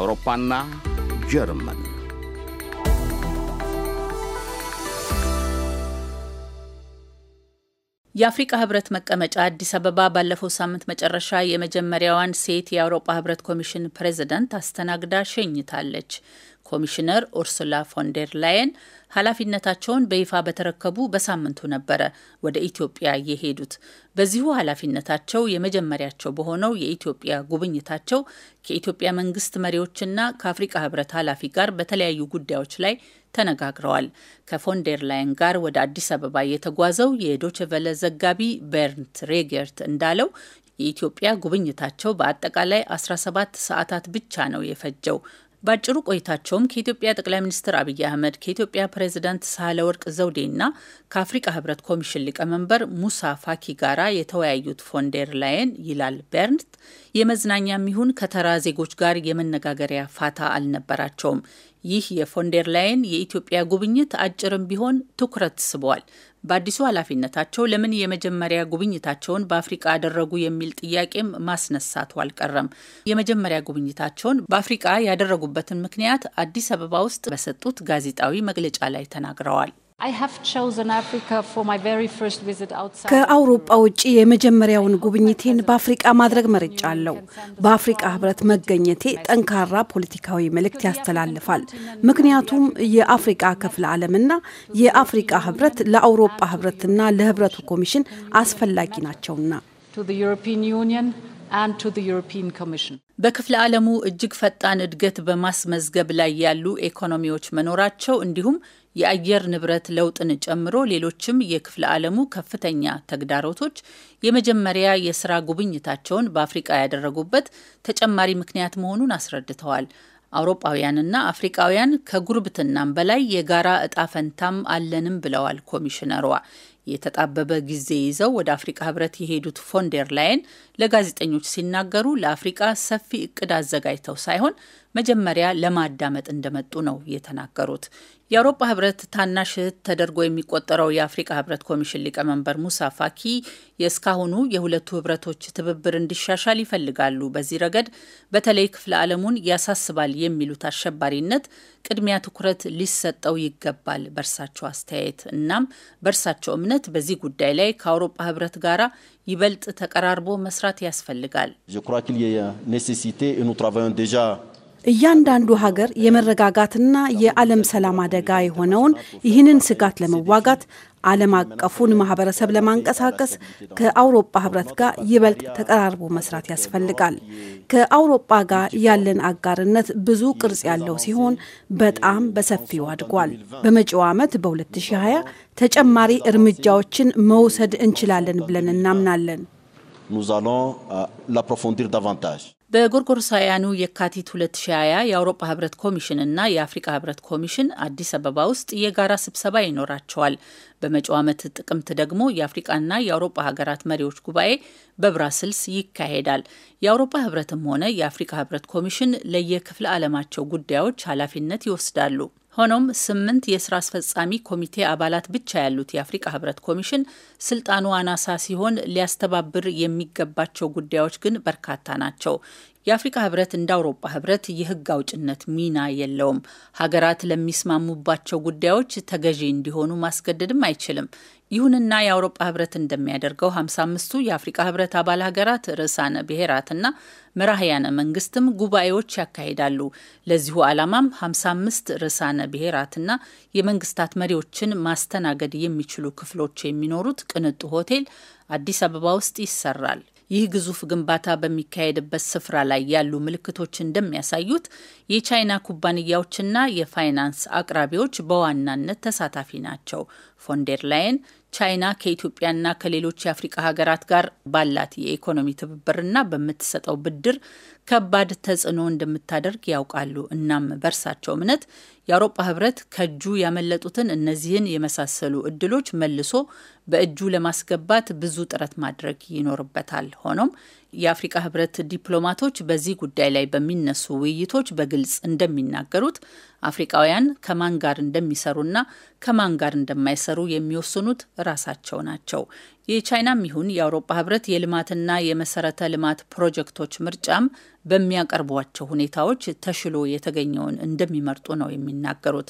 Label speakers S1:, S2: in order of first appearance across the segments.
S1: አውሮፓና ጀርመን
S2: የአፍሪቃ ህብረት መቀመጫ አዲስ አበባ ባለፈው ሳምንት መጨረሻ የመጀመሪያዋን ሴት የአውሮፓ ህብረት ኮሚሽን ፕሬዝደንት አስተናግዳ ሸኝታለች። ኮሚሽነር ኡርሱላ ፎንዴር ላየን ኃላፊነታቸውን በይፋ በተረከቡ በሳምንቱ ነበረ ወደ ኢትዮጵያ የሄዱት። በዚሁ ኃላፊነታቸው የመጀመሪያቸው በሆነው የኢትዮጵያ ጉብኝታቸው ከኢትዮጵያ መንግስት መሪዎችና ከአፍሪቃ ህብረት ኃላፊ ጋር በተለያዩ ጉዳዮች ላይ ተነጋግረዋል። ከፎንዴር ላይን ጋር ወደ አዲስ አበባ የተጓዘው የዶችቨለ ዘጋቢ በርንት ሬጌርት እንዳለው የኢትዮጵያ ጉብኝታቸው በአጠቃላይ 17 ሰዓታት ብቻ ነው የፈጀው። በአጭሩ ቆይታቸውም ከኢትዮጵያ ጠቅላይ ሚኒስትር አብይ አህመድ ከኢትዮጵያ ፕሬዝዳንት ሳህለወርቅ ዘውዴ ዘውዴና ከአፍሪቃ ህብረት ኮሚሽን ሊቀመንበር ሙሳ ፋኪ ጋራ የተወያዩት ፎንዴር ላይን ይላል በርንት የመዝናኛም ይሁን ከተራ ዜጎች ጋር የመነጋገሪያ ፋታ አልነበራቸውም። ይህ የፎንዴር ላይን የኢትዮጵያ ጉብኝት አጭርም ቢሆን ትኩረት ስቧል። በአዲሱ ኃላፊነታቸው ለምን የመጀመሪያ ጉብኝታቸውን በአፍሪቃ አደረጉ የሚል ጥያቄም ማስነሳቱ አልቀረም። የመጀመሪያ ጉብኝታቸውን በአፍሪቃ ያደረጉበትን ምክንያት አዲስ አበባ ውስጥ በሰጡት
S1: ጋዜጣዊ መግለጫ ላይ ተናግረዋል። ከአውሮጳ ውጭ የመጀመሪያውን ጉብኝቴን በአፍሪቃ ማድረግ መርጫለሁ። በአፍሪቃ ህብረት መገኘቴ ጠንካራ ፖለቲካዊ መልእክት ያስተላልፋል። ምክንያቱም የአፍሪቃ ክፍለ ዓለምና የአፍሪቃ ህብረት ለአውሮፓ ህብረትና ለህብረቱ ኮሚሽን አስፈላጊ ናቸውና።
S2: በክፍለ ዓለሙ እጅግ ፈጣን እድገት በማስመዝገብ ላይ ያሉ ኢኮኖሚዎች መኖራቸው እንዲሁም የአየር ንብረት ለውጥን ጨምሮ ሌሎችም የክፍለ ዓለሙ ከፍተኛ ተግዳሮቶች የመጀመሪያ የስራ ጉብኝታቸውን በአፍሪቃ ያደረጉበት ተጨማሪ ምክንያት መሆኑን አስረድተዋል። አውሮፓውያንና አፍሪቃውያን ከጉርብትናም በላይ የጋራ እጣ ፈንታም አለንም ብለዋል ኮሚሽነሯ። የተጣበበ ጊዜ ይዘው ወደ አፍሪቃ ህብረት የሄዱት ፎንደር ላይን ለጋዜጠኞች ሲናገሩ ለአፍሪቃ ሰፊ እቅድ አዘጋጅተው ሳይሆን መጀመሪያ ለማዳመጥ እንደመጡ ነው የተናገሩት። የአውሮፓ ህብረት ታናሽ እህት ተደርጎ የሚቆጠረው የአፍሪካ ህብረት ኮሚሽን ሊቀመንበር ሙሳ ፋኪ የእስካሁኑ የሁለቱ ህብረቶች ትብብር እንዲሻሻል ይፈልጋሉ። በዚህ ረገድ በተለይ ክፍለ ዓለሙን ያሳስባል የሚሉት አሸባሪነት ቅድሚያ ትኩረት ሊሰጠው ይገባል በእርሳቸው አስተያየት። እናም በእርሳቸው እምነት በዚህ ጉዳይ ላይ ከአውሮፓ ህብረት ጋር ይበልጥ ተቀራርቦ መስራት ያስፈልጋል።
S1: እያንዳንዱ ሀገር የመረጋጋትና የዓለም ሰላም አደጋ የሆነውን ይህንን ስጋት ለመዋጋት ዓለም አቀፉን ማህበረሰብ ለማንቀሳቀስ ከአውሮፓ ህብረት ጋር ይበልጥ ተቀራርቦ መስራት ያስፈልጋል። ከአውሮፓ ጋር ያለን አጋርነት ብዙ ቅርጽ ያለው ሲሆን በጣም በሰፊው አድጓል። በመጪው ዓመት በ2020 ተጨማሪ እርምጃዎችን መውሰድ እንችላለን ብለን እናምናለን። nous allons euh, l'approfondir davantage.
S2: በጎርጎርሳውያኑ የካቲት 2020 የአውሮፓ ህብረት ኮሚሽንና የአፍሪካ ህብረት ኮሚሽን አዲስ አበባ ውስጥ የጋራ ስብሰባ ይኖራቸዋል። በመጪው ዓመት ጥቅምት ደግሞ የአፍሪቃና የአውሮፓ ሀገራት መሪዎች ጉባኤ በብራስልስ ይካሄዳል። የአውሮፓ ህብረትም ሆነ የአፍሪካ ህብረት ኮሚሽን ለየክፍለ ዓለማቸው ጉዳዮች ኃላፊነት ይወስዳሉ። ሆኖም ስምንት የስራ አስፈጻሚ ኮሚቴ አባላት ብቻ ያሉት የአፍሪቃ ህብረት ኮሚሽን ስልጣኑ አናሳ ሲሆን ሊያስተባብር የሚገባቸው ጉዳዮች ግን በርካታ ናቸው። የአፍሪካ ህብረት እንደ አውሮፓ ህብረት የህግ አውጭነት ሚና የለውም። ሀገራት ለሚስማሙባቸው ጉዳዮች ተገዢ እንዲሆኑ ማስገደድም አይችልም። ይሁንና የአውሮፓ ህብረት እንደሚያደርገው 55ቱ የአፍሪካ ህብረት አባል ሀገራት ርዕሳነ ብሔራትና መራህያነ መንግስትም ጉባኤዎች ያካሂዳሉ። ለዚሁ ዓላማም 55 ርዕሳነ ብሔራትና የመንግስታት መሪዎችን ማስተናገድ የሚችሉ ክፍሎች የሚኖሩት ቅንጡ ሆቴል አዲስ አበባ ውስጥ ይሰራል። ይህ ግዙፍ ግንባታ በሚካሄድበት ስፍራ ላይ ያሉ ምልክቶች እንደሚያሳዩት የቻይና ኩባንያዎችና የፋይናንስ አቅራቢዎች በዋናነት ተሳታፊ ናቸው። ደር ላይን ቻይና ከኢትዮጵያና ከሌሎች የአፍሪቃ ሀገራት ጋር ባላት የኢኮኖሚ ትብብርና በምትሰጠው ብድር ከባድ ተጽዕኖ እንደምታደርግ ያውቃሉ። እናም በእርሳቸው እምነት የአውሮፓ ህብረት ከእጁ ያመለጡትን እነዚህን የመሳሰሉ እድሎች መልሶ በእጁ ለማስገባት ብዙ ጥረት ማድረግ ይኖርበታል። ሆኖም የአፍሪቃ ህብረት ዲፕሎማቶች በዚህ ጉዳይ ላይ በሚነሱ ውይይቶች በግልጽ እንደሚናገሩት አፍሪቃውያን ከማን ጋር እንደሚሰሩና ከማን ጋር እንደማይሰሩ የሚወስኑት ራሳቸው ናቸው። የቻይናም ይሁን የአውሮፓ ህብረት የልማትና የመሰረተ ልማት ፕሮጀክቶች ምርጫም በሚያቀርቧቸው ሁኔታዎች ተሽሎ የተገኘውን እንደሚመርጡ ነው የሚናገሩት።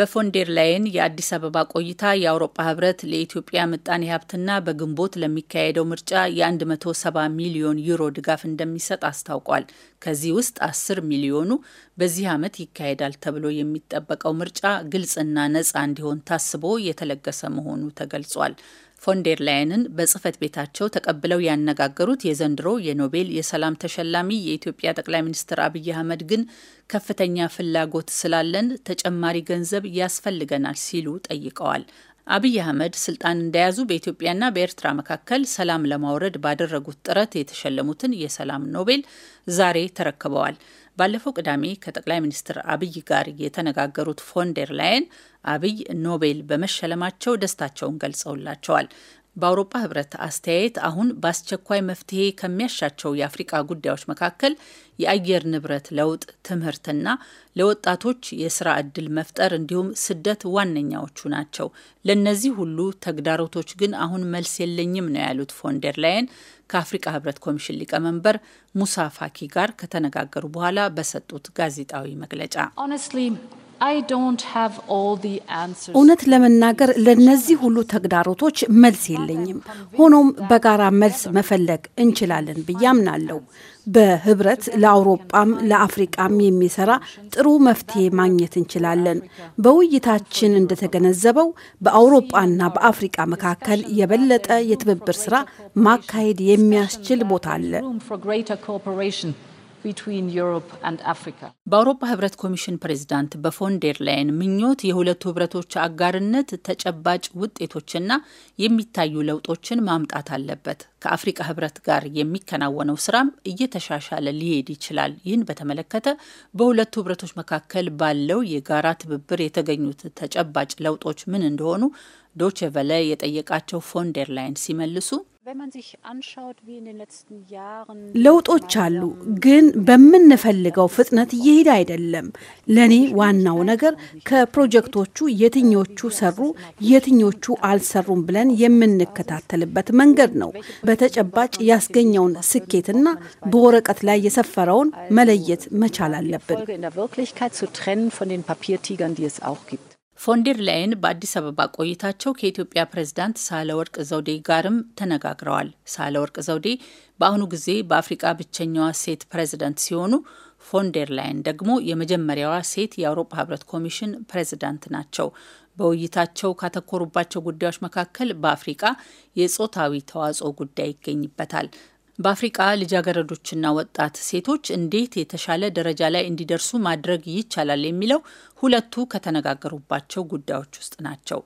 S2: በፎንዴር ላይን የአዲስ አበባ ቆይታ የአውሮፓ ህብረት ለኢትዮጵያ ምጣኔ ሀብትና በግንቦት ለሚካሄደው ምርጫ የ170 ሚሊዮን ዩሮ ድጋፍ እንደሚሰጥ አስታውቋል። ከዚህ ውስጥ 10 ሚሊዮኑ በዚህ ዓመት ይካሄዳል ተብሎ የሚጠበቀው ምርጫ ግልጽና ነፃ እንዲሆን ታስቦ የተለገሰ መሆኑ ተገልጿል። ፎንዴር ላይንን በጽህፈት ቤታቸው ተቀብለው ያነጋገሩት የዘንድሮ የኖቤል የሰላም ተሸላሚ የኢትዮጵያ ጠቅላይ ሚኒስትር አብይ አህመድ ግን ከፍተኛ ፍላጎት ስላለን ተጨማሪ ገንዘብ ያስፈልገናል ሲሉ ጠይቀዋል። አብይ አህመድ ስልጣን እንደያዙ በኢትዮጵያና በኤርትራ መካከል ሰላም ለማውረድ ባደረጉት ጥረት የተሸለሙትን የሰላም ኖቤል ዛሬ ተረክበዋል። ባለፈው ቅዳሜ ከጠቅላይ ሚኒስትር አብይ ጋር የተነጋገሩት ፎንደር ላይን አብይ ኖቤል በመሸለማቸው ደስታቸውን ገልጸውላቸዋል። በአውሮፓ ህብረት አስተያየት አሁን በአስቸኳይ መፍትሄ ከሚያሻቸው የአፍሪቃ ጉዳዮች መካከል የአየር ንብረት ለውጥ፣ ትምህርትና ለወጣቶች የስራ እድል መፍጠር እንዲሁም ስደት ዋነኛዎቹ ናቸው። ለእነዚህ ሁሉ ተግዳሮቶች ግን አሁን መልስ የለኝም ነው ያሉት ፎንደር ላይን ከአፍሪቃ ህብረት ኮሚሽን ሊቀመንበር ሙሳ ፋኪ ጋር ከተነጋገሩ በኋላ በሰጡት ጋዜጣዊ መግለጫ እውነት
S1: ለመናገር ለነዚህ ሁሉ ተግዳሮቶች መልስ የለኝም። ሆኖም በጋራ መልስ መፈለግ እንችላለን ብዬ አምናለሁ። በህብረት ለአውሮጳም ለአፍሪቃም የሚሰራ ጥሩ መፍትሄ ማግኘት እንችላለን። በውይይታችን እንደተገነዘበው በአውሮጳና በአፍሪቃ መካከል የበለጠ የትብብር ስራ ማካሄድ የሚያስችል ቦታ አለ።
S2: በአውሮፓ ህብረት ኮሚሽን ፕሬዚዳንት በፎንዴር ላይን ምኞት የሁለቱ ህብረቶች አጋርነት ተጨባጭ ውጤቶችና የሚታዩ ለውጦችን ማምጣት አለበት። ከአፍሪቃ ህብረት ጋር የሚከናወነው ስራም እየተሻሻለ ሊሄድ ይችላል። ይህን በተመለከተ በሁለቱ ህብረቶች መካከል ባለው የጋራ ትብብር የተገኙት ተጨባጭ ለውጦች ምን እንደሆኑ ዶቼ ቨለ የጠየቃቸው ፎንዴር ላይን
S1: ሲመልሱ ለውጦች አሉ፣ ግን በምንፈልገው ፍጥነት እየሄደ አይደለም። ለእኔ ዋናው ነገር ከፕሮጀክቶቹ የትኞቹ ሰሩ፣ የትኞቹ አልሰሩም ብለን የምንከታተልበት መንገድ ነው። በተጨባጭ ያስገኘውን ስኬትና በወረቀት ላይ የሰፈረውን መለየት መቻል አለብን።
S2: ፎንዴር ላይን በአዲስ አበባ ቆይታቸው ከኢትዮጵያ ፕሬዝዳንት ሳህለወርቅ ዘውዴ ጋርም ተነጋግረዋል። ሳህለወርቅ ዘውዴ በአሁኑ ጊዜ በአፍሪቃ ብቸኛዋ ሴት ፕሬዝዳንት ሲሆኑ ፎንዴር ላይን ደግሞ የመጀመሪያዋ ሴት የአውሮፓ ህብረት ኮሚሽን ፕሬዝዳንት ናቸው። በውይይታቸው ካተኮሩባቸው ጉዳዮች መካከል በአፍሪቃ የጾታዊ ተዋጽኦ ጉዳይ ይገኝበታል። በአፍሪቃ ልጃገረዶችና ወጣት ሴቶች እንዴት የተሻለ ደረጃ ላይ እንዲደርሱ ማድረግ ይቻላል የሚለው ሁለቱ ከተነጋገሩባቸው ጉዳዮች ውስጥ ናቸው።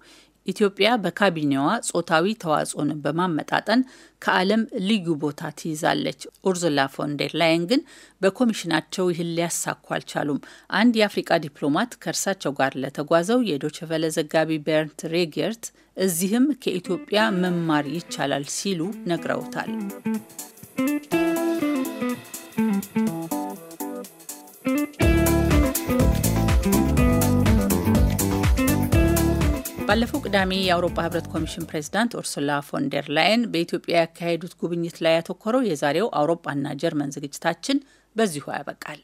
S2: ኢትዮጵያ በካቢኔዋ ጾታዊ ተዋጽኦን በማመጣጠን ከዓለም ልዩ ቦታ ትይዛለች። ኡርዙላ ፎንደር ላይን ግን በኮሚሽናቸው ይህን ሊያሳኩ አልቻሉም። አንድ የአፍሪቃ ዲፕሎማት ከእርሳቸው ጋር ለተጓዘው የዶችቨለ ዘጋቢ በርንት ሬጌርት እዚህም ከኢትዮጵያ መማር ይቻላል ሲሉ ነግረውታል። ባለፈው ቅዳሜ የአውሮፓ ህብረት ኮሚሽን ፕሬዚዳንት ኡርሱላ ፎንደር ላይን በኢትዮጵያ ያካሄዱት ጉብኝት ላይ ያተኮረው የዛሬው አውሮፓና ጀርመን ዝግጅታችን በዚሁ ያበቃል።